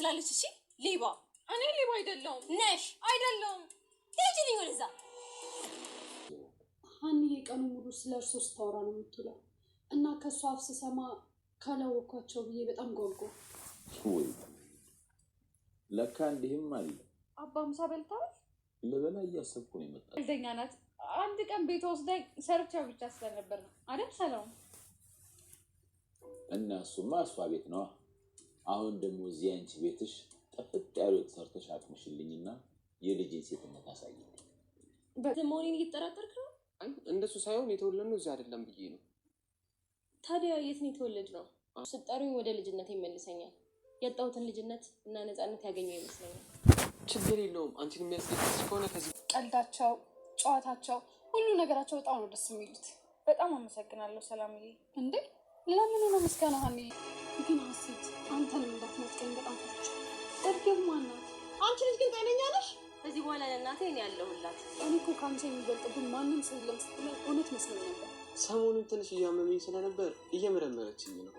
ትመስላለች። እሺ ሌባ። እኔ ሌባ አይደለሁም። ነሽ? አይደለሁም። ትሄጂልኝ ወደዛ። ሀኒ የቀኑ ሙሉ ስለ እርሶ ስታወራ ነው የምትውለው እና ከእሱ አፍ ስሰማ ካላወኳቸው ብዬ በጣም ጓጓ። ለካ እንዲህም አለ። አባ ምሳ በልተዋል? ልበላ እያሰብኩ ነው የመጣሁት። ልደኛ ናት። አንድ ቀን ቤት ወስዳኝ ሰርቻው ብቻ ስለነበር ነው አደም ሰለው እና እሱማ እሷ ቤት ነዋ አሁን ደግሞ እዚህ አንቺ ቤትሽ ጥፍጥ ያሉ ሰርተሽ አቅምሽልኝና የልጅን ሴትነት አሳይ። በዚህ መሆኔን እየተጠራጠርክ ነው? እንደሱ ሳይሆን የተወለድነው እዚህ አይደለም ብዬ ነው። ታዲያ የት ነው ነው? ስጠሩኝ ወደ ልጅነት ይመልሰኛል። ያጣሁትን ልጅነት እና ነፃነት ያገኘው ይመስለኛል። ችግር የለውም። አንቺን የሚያስደስት ከሆነ ከዚህ ቀልዳቸው፣ ጨዋታቸው፣ ሁሉ ነገራቸው በጣም ነው ደስ የሚሉት። በጣም አመሰግናለሁ ሰላምዬ። እንዴ ለምን ነው ምስጋና ግን ሀሴት አንተን እንዳትመጥቀኝ በጣም ፈርቻ። እርግብ ማናት? አንቺ ልጅ ግን ጤነኛ ነሽ? እዚህ በኋላ ለእናቴ እኔ ያለሁላት። እኔ እኮ ከአንቺ የሚበልጥብን ማንም ሰው የለም ስትለኝ እውነት መስሎኝ ነበር። ሰሞኑን ትንሽ እያመመኝ ስለነበር እየመረመረችኝ ነው።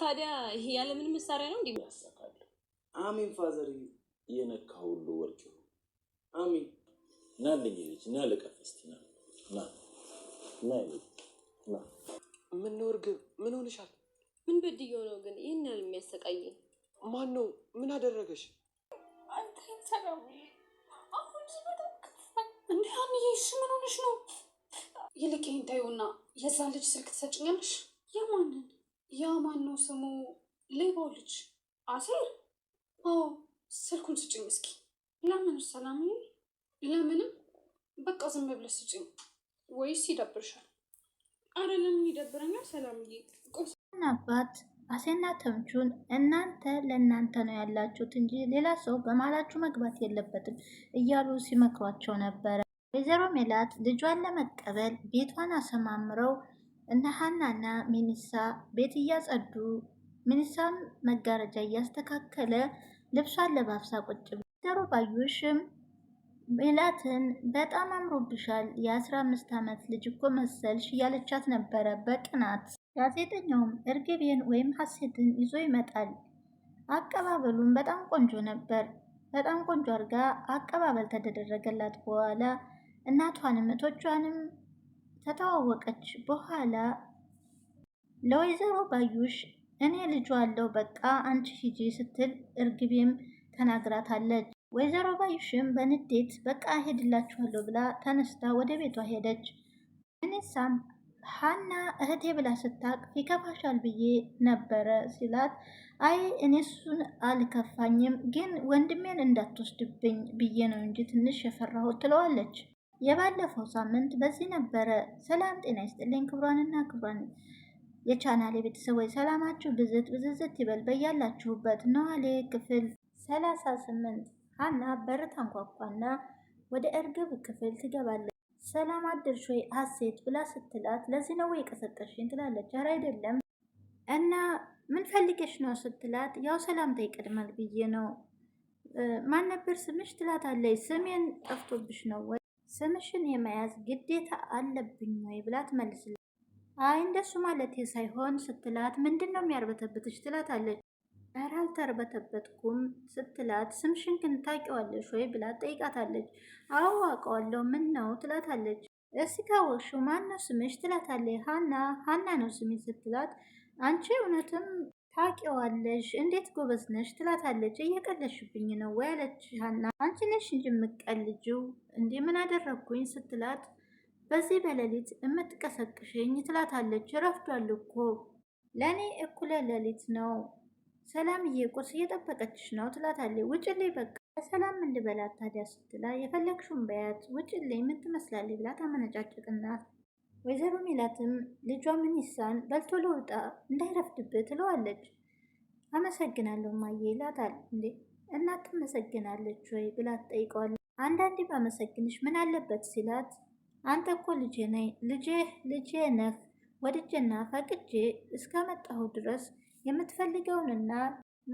ታዲያ ይሄ ያለምን መሳሪያ ነው እንዲህ ያሳካሉ። አሜን ፋዘር። የነካ ሁሉ ወርቅ ነው። አሜን። ናልኝ ልጅ ና ልቀፍ ና ና ና ና። ምነው እርግብ ምን ሆንሻል? ምን በድየው ነው ግን ይህን ያህል የሚያሰቃየኝ? ማን ነው? ምን አደረገሽ? አንተ ሰላም ምን ሆነሽ ነው? ይልቅ ይህን ታዩና የዛ ልጅ ስልክ ትሰጭኛለሽ? የማንን? ያ ማን ነው ስሙ? ሌባው ልጅ አሴር? አዎ፣ ስልኩን ስጭኝ እስኪ። ለምን? ሰላም ለምንም? በቃ ዝም ብለሽ ስጭኝ። ወይስ ይደብርሻል? አረ ለምን ይደብረኛል ሰላምዬ። አባት አሴና ተምቹን እናንተ ለእናንተ ነው ያላችሁት እንጂ ሌላ ሰው በማላችሁ መግባት የለበትም እያሉ ሲመክሯቸው ነበረ። ወይዘሮ ሜላት ልጇን ለመቀበል ቤቷን አሰማምረው እነ ሀናና ሚኒሳ ቤት እያጸዱ ሚኒሳም መጋረጃ እያስተካከለ ልብሷን ለባብሳ ቁጭ ወይዘሮ ባዩሽም ሜላትን በጣም አምሮብሻል የአስራ አምስት ዓመት ልጅ እኮ መሰልሽ እያለቻት ነበረ በቅናት ጋዜጠኛውም እርግቤን ወይም ሀሴትን ይዞ ይመጣል። አቀባበሉም በጣም ቆንጆ ነበር። በጣም ቆንጆ አድርጋ አቀባበል ከተደረገላት በኋላ እናቷንም እህቶቿንም ከተዋወቀች በኋላ ለወይዘሮ ባዩሽ እኔ ልጇ አለው በቃ አንቺ ሂጂ ስትል እርግቤም ተናግራታለች። ወይዘሮ ባዩሽም በንዴት በቃ ሄድላችኋለሁ ብላ ተነስታ ወደ ቤቷ ሄደች። እኔሳም ሀና እህቴ ብላ ስታቅ ይከፋሻል ብዬ ነበረ ሲላት፣ አይ እኔ እሱን አልከፋኝም፣ ግን ወንድሜን እንዳትወስድብኝ ብዬ ነው እንጂ ትንሽ የፈራሁት ትለዋለች። የባለፈው ሳምንት በዚህ ነበረ። ሰላም ጤና ይስጥልኝ ክብሯንና ክብሯን የቻናሌ ቤተሰቦች ሰላማችሁ ብዝት ብዝዝት ይበል በያላችሁበት። ኖላዊ ክፍል ሰላሳ ስምንት ሀና በር ታንኳኳና ወደ እርግብ ክፍል ትገባለች። ሰላም አድርሽ ወይ ሀሴት ብላ ስትላት ለዚህ ነው ወይ የቀሰቀሽኝ ትላለች። ኧረ አይደለም እና ምን ፈልገሽ ነው ስትላት ያው ሰላምታ ይቀድማል ብዬ ነው። ማን ነበር ስምሽ ትላታለች። ስሜን ጠፍቶብሽ ነው ወይ ስምሽን የመያዝ ግዴታ አለብኝ ወይ ብላ ትመልስልኝ። አይ እንደሱ ማለት ሳይሆን ስትላት ምንድን ነው የሚያርበተብትሽ ትላታለች። ኧረ አልተርበተበትኩም ስትላት ስምሽን ግን ታውቂዋለሽ ወይ ብላ ጠይቃታለች። አዎ አውቀዋለሁ፣ ምን ነው ትላታለች። እስኪ ካወቅሽው ማን ነው ስምሽ ትላታለች። ሀና ሀና ነው ስሜ ስትላት፣ አንቺ እውነትም ታውቂዋለሽ እንዴት ጎበዝ ነሽ ትላታለች። እየቀለሽብኝ ነው ወይ አለች ሀና። አንቺ ነሽ እንጂ የምትቀልጂው እንዴ ምን አደረግኩኝ ስትላት፣ በዚህ በሌሊት የምትቀሰቅሽኝ ትላታለች። ረፍዷል እኮ ለእኔ እኩለ ሌሊት ነው ሰላምዬ ቁርስ እየጠበቀችሽ ነው ትላታለች። ውጭልኝ በቃ ሰላም እንድበላት ታዲያ ስትላ የፈለግሽውን በያት ውጭልኝ ምን ትመስላለች ብላ ታመነጫጭቅና ወይዘሮ ሚላትም ልጇ ምን ይሳን በልቶ ለውጣ እንዳይረፍድብህ ትለዋለች። አመሰግናለሁ ማዬ ይላታል። እንዴ እናት ትመሰግናለች ወይ ብላ ትጠይቀዋለች። አንዳንዴ ባመሰግንሽ ምን አለበት ሲላት አንተ እኮ ልጄ ነህ ወድጄና ፈቅጄ እስከመጣሁ ድረስ የምትፈልገውንና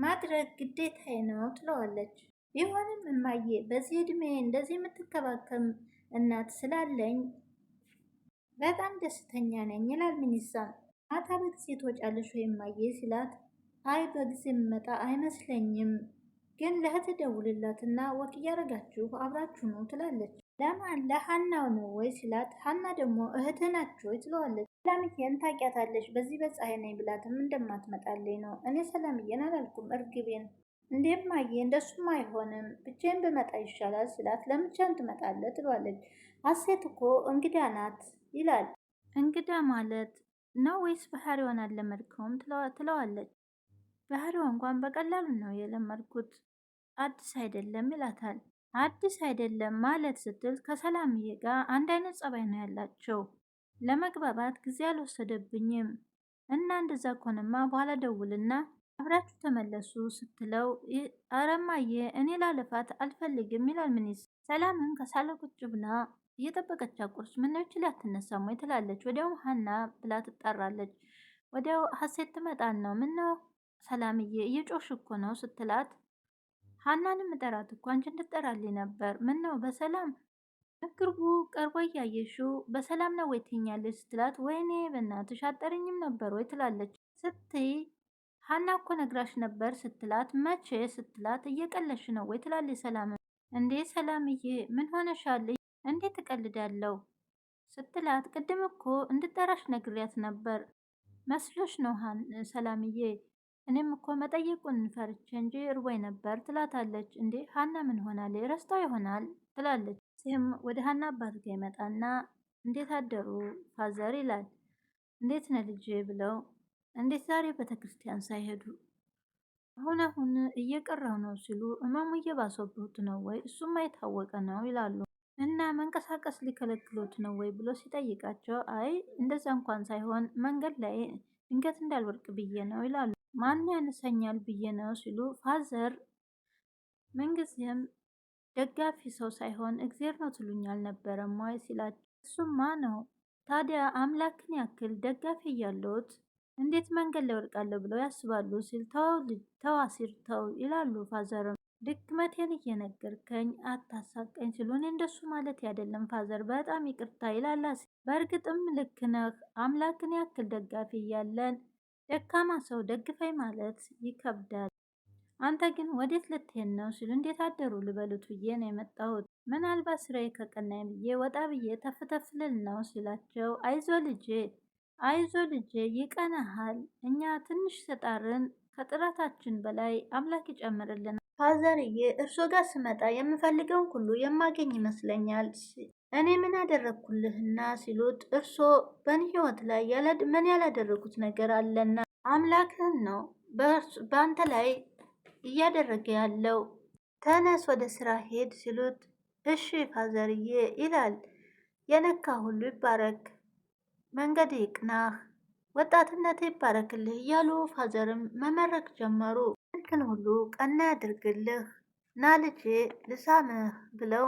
ማድረግ ግዴታዬ ነው ትለዋለች። ቢሆንም እማዬ በዚህ እድሜ እንደዚህ የምትከባከም እናት ስላለኝ በጣም ደስተኛ ነኝ ይላል ሚኒሳ ማታ በጊዜ ትወጫለሽ ወይ እማዬ ሲላት፣ አይ በጊዜ የምመጣ አይመስለኝም ግን ለህት ደውልላትና ወክ እያደረጋችሁ አብራችሁ ነው ትላለች። ለማን ለሀናው ነው ወይ ሲላት፣ ሀና ደግሞ እህት ናቸው ወይ ትለዋለች። ሰላምዬን ታውቂያታለች፣ በዚህ በፀሐይ ነኝ ብላትም እንደማትመጣልኝ ነው። እኔ ሰላምዬን አላልኩም እርግቤን። እንዴም ማየ እንደሱም አይሆንም ብቻዬን ብመጣ ይሻላል ሲላት፣ ለምቻን ትመጣለህ ትሏለች። አሴት እኮ እንግዳ ናት ይላል። እንግዳ ማለት ነው ወይስ ባህሪዋን አለመድከውም ትለዋለች። ባህሪዋ እንኳን በቀላሉ ነው የለመድኩት አዲስ አይደለም ይላታል። አዲስ አይደለም ማለት ስትል ከሰላምዬ ጋር አንድ አይነት ጸባይ ነው ያላቸው። ለመግባባት ጊዜ አልወሰደብኝም እና እንደዛ ከሆነማ በኋላ ደውልና አብራችሁ ተመለሱ ስትለው አረማዬ እኔ ላለፋት አልፈልግም ይላል። ምኒስ ሰላምም ከሳለ ቁጭ ብላ እየጠበቀች ቁርስ ምነች ላትነሳም ወይ ትላለች። ወዲያው ሀና ብላ ትጠራለች። ወዲያው ሀሴት ትመጣን ነው ምነው ሰላምዬ እየጮሽ እኮ ነው ስትላት ሀናንም እጠራት እኮ አንቺ እንድጠራልኝ ነበር። ምን ነው በሰላም ቅርቡ ቀርቦ እያየሹ በሰላም ነው ወይ ትይኛለሽ? ስትላት ወይኔ በእናትሽ አጠርኝም ነበር ወይ ትላለች ስትይ ሀና እኮ ነግራሽ ነበር ስትላት መቼ ስትላት እየቀለሽ ነው ወይ ትላለች ሰላም። እንዴ ሰላምዬ ምን ሆነሻል? እንዴት እቀልዳለሁ ስትላት ቅድም እኮ እንድጠራሽ ነግሪያት ነበር መስሎሽ ነው ሰላምዬ እኔም እኮ መጠየቁን ፈርቼ እንጂ እርቦኝ ነበር ትላታለች። እንዴ ሀና ምን ሆናል? ረስታው ይሆናል ትላለች። ይህም ወደ ሀና አባት ጋ ይመጣና እንዴት አደሩ ፋዘር ይላል። እንዴት ነ ልጄ ብለው እንዴት ዛሬ ቤተክርስቲያን ሳይሄዱ አሁን አሁን እየቀረው ነው ሲሉ እማሙ እየባሰብሁት ነው ወይ እሱም አይታወቀ ነው ይላሉ። እና መንቀሳቀስ ሊከለክሉት ነው ወይ ብሎ ሲጠይቃቸው አይ እንደዛ እንኳን ሳይሆን መንገድ ላይ ድንገት እንዳልወርቅ ብዬ ነው ይላሉ። ማን ያነሰኛል ብዬ ነው ሲሉ ፋዘር ምንጊዜም ደጋፊ ሰው ሳይሆን እግዜር ነው ትሉኝ አልነበረም ወይ ሲላቸው እሱማ ነው ታዲያ አምላክን ያክል ደጋፊ እያለሁት እንዴት መንገድ ላይ ወድቃለሁ ብለው ያስባሉ ሲል ተው አሲር ተው ይላሉ ፋዘርም ድክመቴን እየነገርከኝ አታሳቀኝ ሲሉን እንደሱ ማለት አይደለም ፋዘር በጣም ይቅርታ ይላል በእርግጥም ልክ ነህ አምላክን ያክል ደጋፊ እያለን ደካማ ሰው ደግፈኝ ማለት ይከብዳል። አንተ ግን ወዴት ልትሄድ ነው ሲሉ እንዴት አደሩ ልበሉት ብዬ ነው የመጣሁት። ምናልባት ስራዬ ከቀናኝ ብዬ ወጣ ብዬ ተፍተፍ ልል ነው ሲላቸው፣ አይዞ ልጄ አይዞ ልጄ ይቀናሃል። እኛ ትንሽ ተጣርን ከጥረታችን በላይ አምላክ ይጨምርልናል። ፋዘርዬ እርሶ ጋር ስመጣ የምፈልገውን ሁሉ የማገኝ ይመስለኛል እኔ ምን አደረግኩልህና ሲሉት እርሶ በእኔ ህይወት ላይ ምን ያላደረጉት ነገር አለና አምላክህን ነው በአንተ ላይ እያደረገ ያለው ተነስ ወደ ስራ ሄድ ሲሉት እሺ ፋዘርዬ ይላል። የነካ ሁሉ ይባረክ፣ መንገድ ይቅናህ፣ ወጣትነት ይባረክልህ እያሉ ፋዘርም መመረቅ ጀመሩ። ልክን ሁሉ ቀና ያድርግልህ ና ልጄ ልሳምህ ብለው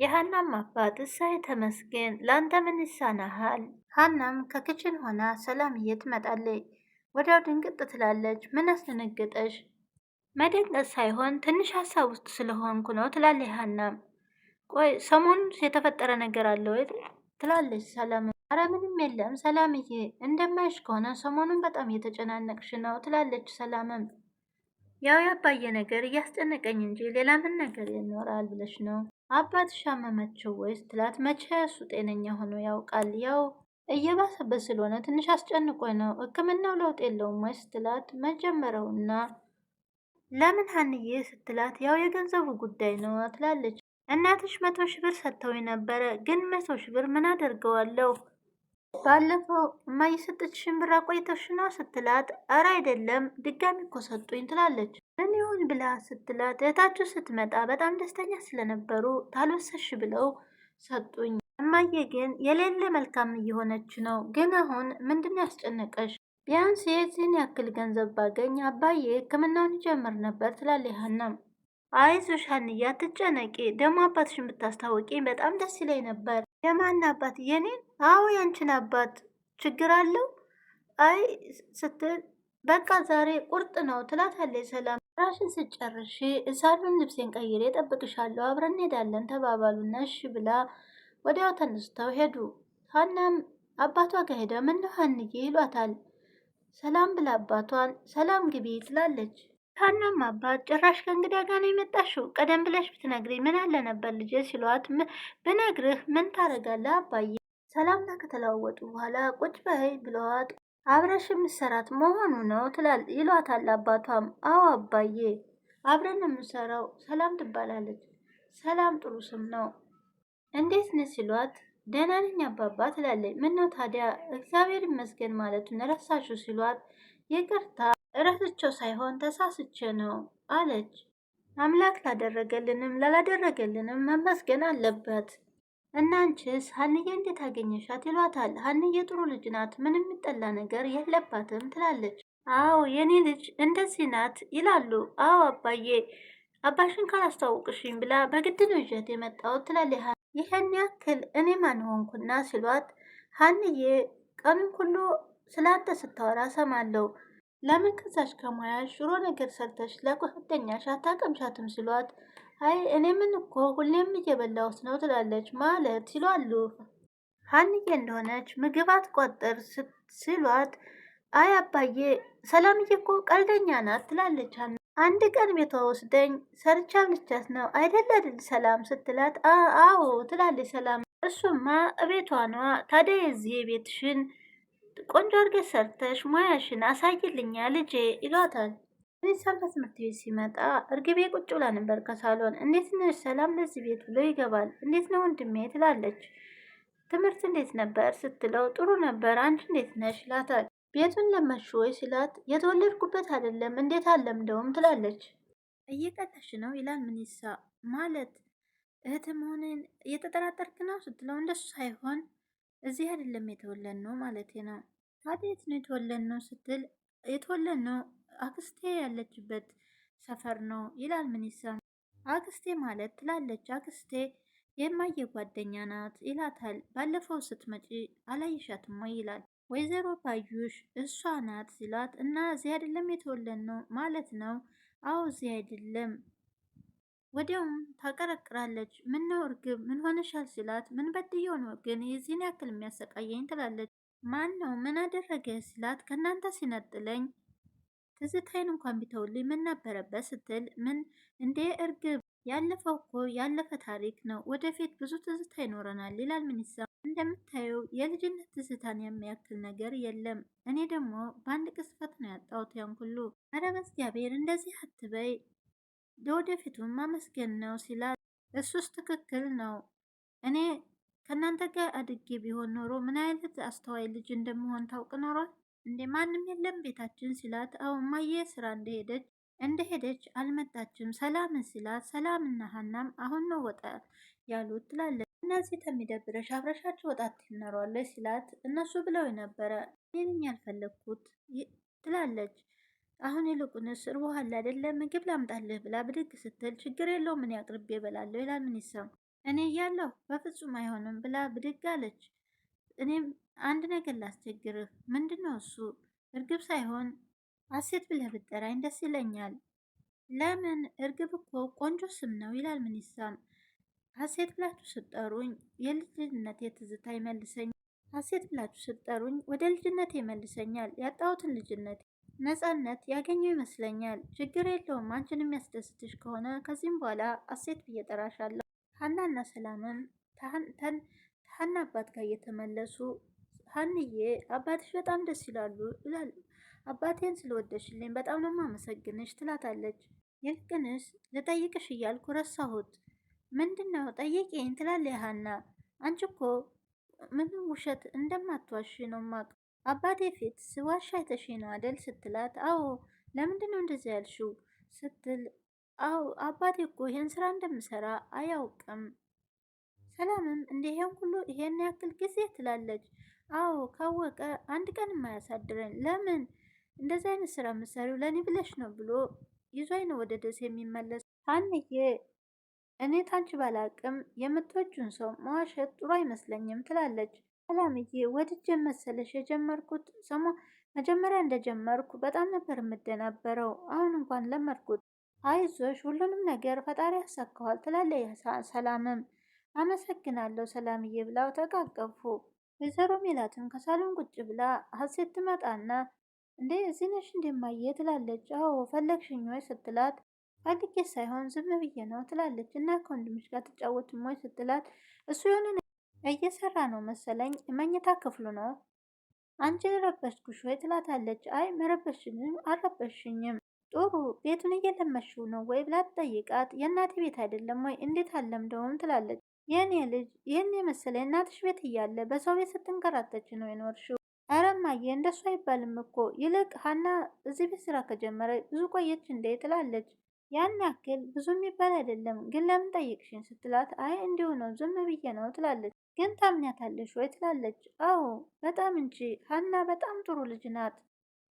የሀናም አባት እሳይ ተመስገን ለአንተ ምን ይሳናሃል? ሀናም ከክችን ሆና ሰላምዬ ትመጣለች። ወዲያው ድንግጥ ትላለች። ምን አስደነገጠሽ? መደንገጥ ሳይሆን ትንሽ ሀሳብ ውስጥ ስለሆንኩ ነው ትላለች ሀናም። ቆይ ሰሞኑን የተፈጠረ ነገር አለ ወይ ትላለች ሰላም። አረ ምንም የለም ሰላምዬ፣ እንደማይሽ ከሆነ ሰሞኑን በጣም እየተጨናነቅሽ ነው ትላለች ሰላምም። ያው ያባየ ነገር እያስጨነቀኝ እንጂ ሌላ ምን ነገር ይኖራል ብለሽ ነው አባትሽ አመመችው ወይስ ትላት። መቼ እሱ ጤነኛ ሆኖ ያውቃል? ያው እየባሰበት ስለሆነ ትንሽ አስጨንቆ ነው። ሕክምናው ለውጥ የለውም ወይስ ትላት። መጀመረውና ለምን ሀንዬ ስትላት፣ ያው የገንዘቡ ጉዳይ ነው ትላለች። እናትሽ መቶ ሺህ ብር ሰጥተው ነበረ፣ ግን መቶ ሺህ ብር ምን አደርገዋለሁ? ባለፈው እማዬ የሰጠች ብር አቆይተሽ ነው ስትላት፣ እረ አይደለም ድጋሚ እኮ ሰጡኝ ትላለች። ብላ ስትላት እህታችሁ ስትመጣ በጣም ደስተኛ ስለነበሩ ታልወሰሽ ብለው ሰጡኝ። እማዬ ግን የሌለ መልካም እየሆነች ነው። ግን አሁን ምንድን ያስጨነቀሽ? ቢያንስ የዚህን ያክል ገንዘብ ባገኝ አባዬ ሕክምናውን ይጀምር ነበር ትላለች ሀናም። አይዞሽ ሀንዬ አትጨነቂ፣ ደግሞ አባትሽን ብታስታወቂኝ በጣም ደስ ይለኝ ነበር። የማን አባት? የኔን? አዎ ያንችን አባት። ችግር አለው? አይ ስትል በቃ ዛሬ ቁርጥ ነው ትላታለች ሰላም ራሽን ስጨርሽ እሳሉን ልብሴን ቀይሬ እጠብቅሻለሁ አብረን እንሄዳለን ተባባሉና እሺ ብላ ወዲያው ተነስተው ሄዱ። ሀናም አባቷ ከሄደ ምን ሀንዬ ይሏታል። ሰላም ብላ አባቷን ሰላም ግቢ ትላለች። ሀናም አባት ጭራሽ ከእንግዳ ጋር ነው የመጣሽው? ቀደም ብለሽ ብትነግሪ ምን አለ ነበር ልጅ ሲሏት፣ ብነግርህ ምን ታደርጋለህ አባዬ። ሰላምታ ከተለዋወጡ በኋላ ቁጭ በይ ብለዋት አብረሽ የምሰራት መሆኑ ነው ይሏታል አባቷም። አዎ አባዬ አብረን የምሰራው ሰላም ትባላለች። ሰላም ጥሩ ስም ነው። እንዴት ነ ሲሏት ደህና ነኝ አባባ ትላለች። ምን ነው ታዲያ እግዚአብሔር ይመስገን ማለቱን ረሳሽው ሲሏት ይቅርታ እረስቸው ሳይሆን ተሳስቼ ነው አለች። አምላክ ላደረገልንም ላላደረገልንም መመስገን አለበት። እናንቺስ ሀንዬ እንዴት አገኘሻት ይሏታል። ሀንዬ ጥሩ ልጅ ናት፣ ምንም የሚጠላ ነገር የለባትም ትላለች። አዎ የኔ ልጅ እንደዚህ ናት ይላሉ። አዎ አባዬ አባሽን ካላስተዋወቅሽኝ ብላ በግድ ነው ይዣት የመጣሁት ትላለች። ይህን ያክል እኔ ማን ሆንኩና ሲሏት ሀንዬ ቀኑን ሁሉ ስለአንተ ስታወራ ሰማለሁ። ለምን ከዛች ከሙያሽ ሽሮ ነገር ሰርተሽ ለጓደኛሽ አታቀምሻትም ሲሏት አይ እኔ ምን እኮ ሁሌም እየበላሁት ነው ትላለች ማለት ይሏሉ። ሀንዬ እንደሆነች ምግብ አትቆጥር ሲሏት አይ አባዬ ሰላምዬ እኮ ቀልደኛ ናት ትላለች። አንድ ቀን ቤቷ ወስደኝ ሰርቻ ብልቻት ነው አይደለ ድል ሰላም ስትላት አዎ ትላለች ሰላም። እሱማ እቤቷ ኗ ታዲያ የዚህ ቤትሽን ቆንጆ አድርገሽ ሰርተሽ ሙያሽን አሳይልኛ ልጄ ይሏታል። ሬሳም ከትምህርት ቤት ሲመጣ እርግቤ ቁጭ ብላ ነበር ከሳሎን። እንዴት ነሽ ሰላም ለዚህ ቤት ብሎ ይገባል። እንዴት ነው ወንድሜ ትላለች። ትምህርት እንዴት ነበር ስትለው ጥሩ ነበር፣ አንቺ እንዴት ነሽ ላታል። ቤቱን ለመሹ ወይ ስላት የተወለድኩበት አይደለም እንዴት አለምደውም ትላለች። እየቀጠሽ ነው ይላል ምንሳ። ማለት እህት መሆንን እየተጠራጠርክ ነው ስትለው እንደሱ ሳይሆን እዚህ አይደለም የተወለድ ነው ማለት ነው። ታዲያ የት ነው የተወለድ ነው ስትል የተወለን ነው አክስቴ ያለችበት ሰፈር ነው ይላል። ምን አክስቴ ማለት ትላለች። አክስቴ የማየ ጓደኛ ናት ይላታል። ባለፈው ስትመጪ አላይሻትም ወይ ይላል። ወይዘሮ ባዩሽ እሷ ናት ሲላት እና እዚህ አይደለም የተወለን ነው ማለት ነው። አዎ እዚህ አይደለም። ወዲያውም ታቀረቅራለች። ምነው እርግብ ምን ሆነሻል ሲላት ምን በድየው ነው ግን የዚህን ያክል የሚያሰቃየኝ ትላለች። ማን ነው ምን አደረገ ሲላት ከእናንተ ሲነጥለኝ ትዝታይን እንኳን ቢተውልኝ ምን ነበረበት ስትል ምን እንደ እርግብ ያለፈው እኮ ያለፈ ታሪክ ነው። ወደፊት ብዙ ትዝታ ይኖረናል ይላል ምንሳ። እንደምታየው የልጅነት ትዝታን የሚያክል ነገር የለም። እኔ ደግሞ በአንድ ቅስፈት ነው ያጣሁት ያን ሁሉ። አረ በእግዚአብሔር እንደዚህ አትበይ፣ ለወደፊቱም ማመስገን ነው ሲላል፣ እሱስ ትክክል ነው እኔ ከእናንተ ጋር አድጌ ቢሆን ኖሮ ምን አይነት አስተዋይ ልጅ እንደምሆን ታውቅ ኖሯል። እንዴ? ማንም የለም ቤታችን ሲላት፣ አዎ እማዬ ስራ እንደሄደች እንደሄደች አልመጣችም ሰላምን ሲላት፣ ሰላምና ሀናም አሁን ነው ወጣ ያሉት ትላለች። እነዚህ ከሚደብረሽ አብረሻቸው ወጣት ትኖሯለች ሲላት፣ እነሱ ብለው የነበረ ይህን ያልፈለግኩት ትላለች። አሁን ይልቁንስ እርቦሃል አይደለ ምግብ ላምጣልህ ብላ ብድግ ስትል ችግር የለው ምን ያቅርቤ እበላለሁ ይላል። ምን ይሰማ እኔ እያለሁ በፍጹም አይሆንም ብላ ብድግ አለች። እኔም አንድ ነገር ላስቸግርህ። ምንድን ነው እሱ? እርግብ ሳይሆን አሴት ብለህ ብጠራኝ ደስ ይለኛል። ለምን? እርግብ እኮ ቆንጆ ስም ነው ይላል ምኒሳም። አሴት ብላችሁ ስጠሩኝ የልጅነት የትዝታ ይመልሰኛል። አሴት ብላችሁ ስጠሩኝ ወደ ልጅነት ይመልሰኛል። ያጣሁትን ልጅነት ነጻነት ያገኘው ይመስለኛል። ችግር የለውም አንቺን የሚያስደስትሽ ከሆነ ከዚህም በኋላ አሴት ብዬ ጠራሻለሁ። ሀናና ሰላምም ከሀና አባት ጋር እየተመለሱ ሀንዬ አባትሽ በጣም ደስ ይላሉ ይላሉ። አባቴን ስለወደሽልኝ በጣም ነው የማመሰግንሽ ትላታለች። ይልቅንስ ልጠይቅሽ እያልኩ ረሳሁት። ምንድን ነው ጠይቄኝ? ትላለች ሀና። አንቺ እኮ ምንም ውሸት እንደማትዋሽ ነው ማቅ አባቴ ፊት ስዋሻ አይተሽ ነው አደል? ስትላት አዎ። ለምንድን ነው እንደዚያ ያልሽው? ስትል አው አባቴ እኮ ይሄን ስራ እንደምሰራ አያውቅም። ሰላምም እንደ ይሄን ሁሉ ይሄን ያክል ጊዜ ትላለች። አዎ ካወቀ አንድ ቀን የማያሳድረን ለምን እንደዚህ አይነት ስራ የምሰሪው ለእኔ ብለሽ ነው ብሎ ይዟኝ ነው ወደ ደሴ የሚመለስ። ሀንዬ እኔ ታንቺ ባላቅም የምትወጁን ሰው መዋሸት ጥሩ አይመስለኝም ትላለች። ሰላምዬ ወድጄ መሰለሽ የጀመርኩት ሰሞ መጀመሪያ እንደጀመርኩ በጣም ነበር የምደናበረው። አሁን እንኳን ለመድኩት አይዞሽ ሁሉንም ነገር ፈጣሪ ያሳካዋል ትላለች ሰላምም። አመሰግናለሁ ሰላምዬ ብላው ተቃቀፉ። ወይዘሮ ሜላትም ከሳሎን ቁጭ ብላ ሀሴት ትመጣና እንዴ እዚህ ነሽ እንደማየ ትላለች። አዎ ፈለግሽኝ ወይ ስትላት ፈልጌ ሳይሆን ዝም ብዬ ነው ትላለች። እና ከወንድምሽ ጋር ትጫወትም ወይ ስትላት እሱ የሆነ እየሰራ ነው መሰለኝ መኝታ ክፍሉ ነው አንቺ ረበሽኩሽ ወይ ትላታለች። አይ መረበሽኝም አረበሽኝም። ጥሩ ቤቱን እየለመሽው ነው ወይ ብላ ትጠይቃት። የእናቴ ቤት አይደለም ወይ እንዴት አለምደውም ትላለች። የእኔ ልጅ ይህን የመሰለ እናትሽ ቤት እያለ በሰው ቤት ስትንከራተች ነው የኖርሽው። ኧረ እንደሱ አይባልም እኮ ይልቅ ሀና እዚህ ቤት ስራ ከጀመረ ብዙ ቆየች እንዴ ትላለች። ያን ያክል ብዙ የሚባል አይደለም ግን ለምን ጠይቅሽን ስትላት አይ እንዲሁ ነው ዝም ብዬ ነው ትላለች። ግን ታምኛታለሽ ወይ ትላለች። አዎ በጣም እንጂ ሀና በጣም ጥሩ ልጅ ናት።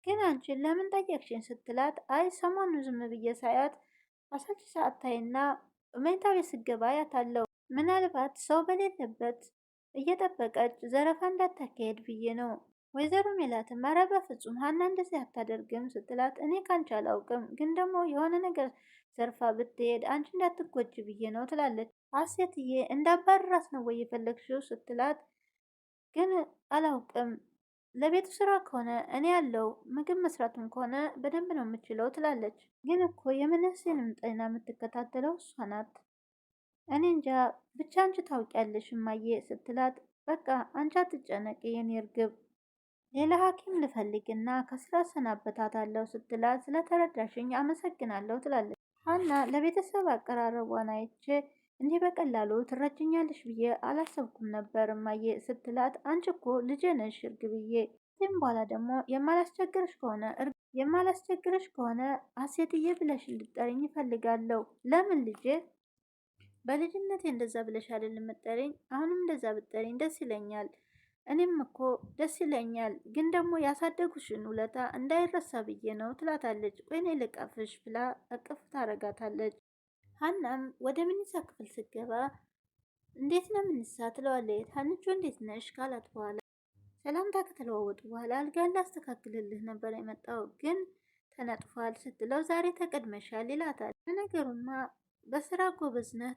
ግን አንቺ ለምን ጠየቅሽኝ ስትላት አይ ሰሞኑን ዝም ብዬ ሳያት አሳች ሳታይና መኝታ ቤት ስገባ ያታለው ምናልባት ሰው በሌለበት እየጠበቀች ዘረፋ እንዳታካሄድ ብዬ ነው። ወይዘሮ ሜላት ኧረ በፍጹም ሀና እንደዚህ አታደርግም ስትላት እኔ ካንቺ አላውቅም፣ ግን ደግሞ የሆነ ነገር ዘርፋ ብትሄድ አንቺ እንዳትጎጅ ብዬ ነው ትላለች። አሴትዬ እንዳባረራት ነው ወይ የፈለግሽው ስትላት ግን አላውቅም ለቤት ስራ ከሆነ እኔ ያለው ምግብ መስራቱም ከሆነ በደንብ ነው የምችለው ትላለች። ግን እኮ የምንስንም ጤና የምትከታተለው እሷ ናት። እኔ እንጃ ብቻ አንቺ ታውቂያለሽ እማዬ ስትላት፣ በቃ አንቺ አትጨነቂ የኔ እርግብ፣ ሌላ ሐኪም ልፈልግና ከስራ ሰናበታታለሁ ስትላት፣ ስለተረዳሽኝ አመሰግናለሁ ትላለች። ሀና ለቤተሰብ አቀራረቧን አይቼ እንዲህ በቀላሉ ትረጅኛለሽ ብዬ አላሰብኩም ነበር እማዬ ስትላት፣ አንቺ እኮ ልጄ ነሽ እርግብዬ። ይህም በኋላ ደግሞ የማላስቸግርሽ ከሆነ የማላስቸግርሽ ከሆነ አሴትዬ ብለሽ እንድጠርኝ ይፈልጋለሁ። ለምን ልጄ? በልጅነቴ እንደዛ ብለሽ አይደል የምጠሪኝ? አሁንም እንደዛ ብጠሪኝ ደስ ይለኛል። እኔም እኮ ደስ ይለኛል፣ ግን ደግሞ ያሳደጉሽን ውለታ እንዳይረሳ ብዬ ነው ትላታለች። ወይኔ ልቀፍሽ ብላ እቅፍ ታረጋታለች። ሀናም ወደ ምንሳ ክፍል ስገባ እንዴት ነው ምንሳ ትለዋለች። ሀንቾ እንዴት ነሽ ካላት በኋላ ሰላምታ ከተለዋወጡ በኋላ አልጋ ላስተካክልልህ ነበር የመጣው ግን ተነጥፏል ስትለው ዛሬ ተቀድመሻል ይላታል። ነገሩማ በስራ ጎበዝ ነህ